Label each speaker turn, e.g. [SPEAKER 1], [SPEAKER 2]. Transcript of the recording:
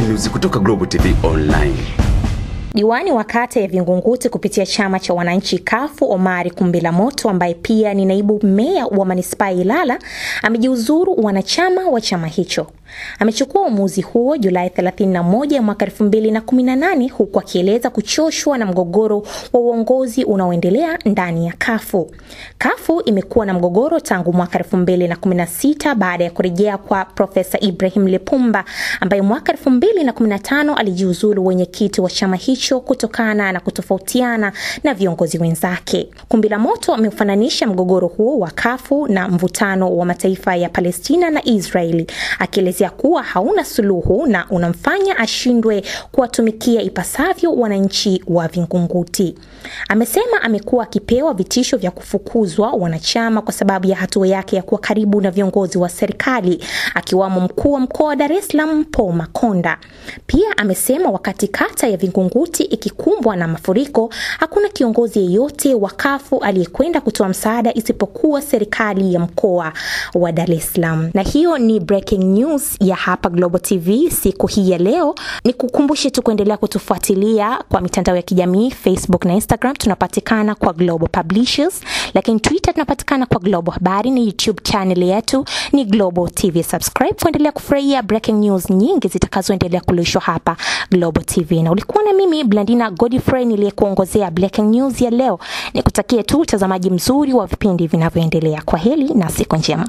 [SPEAKER 1] News kutoka Global TV Online.
[SPEAKER 2] Diwani wa kata ya Vingunguti kupitia chama cha wananchi kafu Omari Kumbila Moto ambaye pia ni naibu meya wa manispaa Ilala amejiuzuru wanachama wa chama hicho. Amechukua uamuzi huo Julai 31 mwaka 2018 huku akieleza kuchoshwa na mgogoro wa uongozi unaoendelea ndani ya kafu. Kafu imekuwa na mgogoro tangu mwaka 2016 baada ya kurejea kwa Profesa Ibrahim Lipumba ambaye mwaka 2015 alijiuzulu wenyekiti wa chama hicho kutokana na kutofautiana na viongozi wenzake. Kumbi la Moto ameufananisha mgogoro huo wa kafu na mvutano wa mataifa ya Palestina na Israeli akielezea ya kuwa hauna suluhu na unamfanya ashindwe kuwatumikia ipasavyo wananchi wa Vingunguti. Amesema amekuwa akipewa vitisho vya kufukuzwa wanachama kwa sababu ya hatua yake ya kuwa karibu na viongozi wa serikali akiwamo mkuu wa mkoa wa Dar es Salaam Paul Makonda. Pia amesema wakati kata ya Vingunguti ikikumbwa na mafuriko hakuna kiongozi yeyote wa kafu aliyekwenda kutoa msaada isipokuwa serikali ya mkoa wa Dar es Salaam. Na hiyo ni breaking news ya hapa Global TV siku hii ya leo. Nikukumbushe tu kuendelea kutufuatilia kwa mitandao ya kijamii Facebook na Instagram tunapatikana kwa Global Publishers, lakini Twitter tunapatikana kwa Global Habari, na YouTube channel yetu ni Global TV. Subscribe kuendelea kufurahia breaking news nyingi zitakazoendelea kulishwa hapa Global TV, na ulikuwa na mimi Blandina Godfrey niliyekuongozea breaking news ya leo. Nikutakie tu utazamaji mzuri wa vipindi vinavyoendelea. Kwa heli na siku njema.